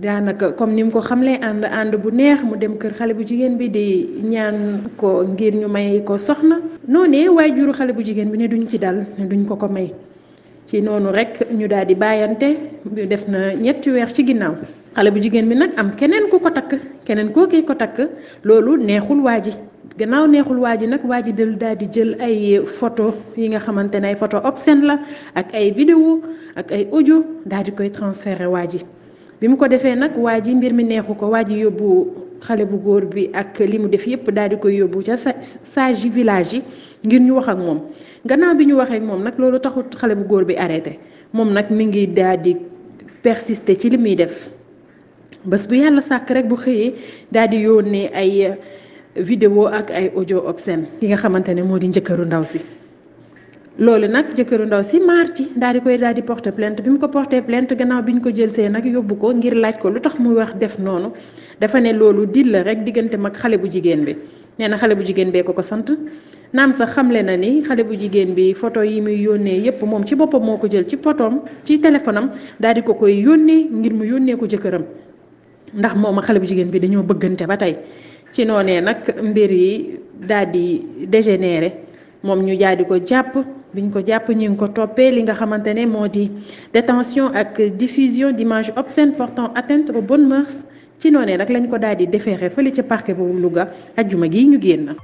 daanaka comme ni mu ko xamlee ànd ànd bu neex mu dem kër xale bu jigéen bi di ñaan ko ngir ñu may ko soxna noonee waaye juru xale bu jigéen bi ne duñu ci dal ne duñ ko ko may ci noonu rek ñu daal di bàyyante def na ñetti weer ci ginnaaw xale bu jigéen bi nag am keneen ku ko takk keneen koo kii ko takk loolu neexul waa ji gannaaw neexul waa ji nag waa ji dal daal di jël ay photo yi nga xamante ne ay photo obscène la ak ay vidéo ak ay audio daal di koy transféré waa ji bi mu ko defee nag waa ji mbir mi neexu ko waa ji yóbbu xale bu góor bi ak li mu def yépp daal di koy yóbbu ca sage village yi ngir ñu wax ak moom gannaaw bi ñu waxee ak moom nag loolu taxut xale bu góor bi arrêté moom nag mi ngi daal di persister ci li muy def bés bu yàlla sàkk rek bu xëyee daal di yónnee ay vidéo ak ay audio obscène ki nga xamante ne moo di njëkkëru ndaw si loolu nag jëkkëru ndaw si maar ci daal di koy daal di porter plainte bi mu ko porter plainte gannaaw bi ñu ko jëlsee nag yóbbu ko ngir laaj ko lu tax muy wax def noonu dafa ne loolu dil la rek diggante mag xale bu jigéen bi nee na xale bu jigéen bee ko ko sant naam sax xamle na ni xale bu jigéen bi photo yi muy yónnee yépp moom ci boppam moo ko jël ci potoom ci téléphone am daal di ko koy yónnee ngir mu yónnee ko jëkkëram ndax moom ak xale bu jigéen bi dañoo bëggante ba tey ci noonee nag mbir yi daal di dégénéré moom ñu jaadi ko jàpp. biñ ko jàpp ñu ngi ko toppee li nga xamante ne moo di détention ak diffusion d'images obscènes portant atteinte aux bonnes mœurs ci noonee nag lañ ko daal di déféré fële ca parquet bu Louga ajjuma gi ñu génn.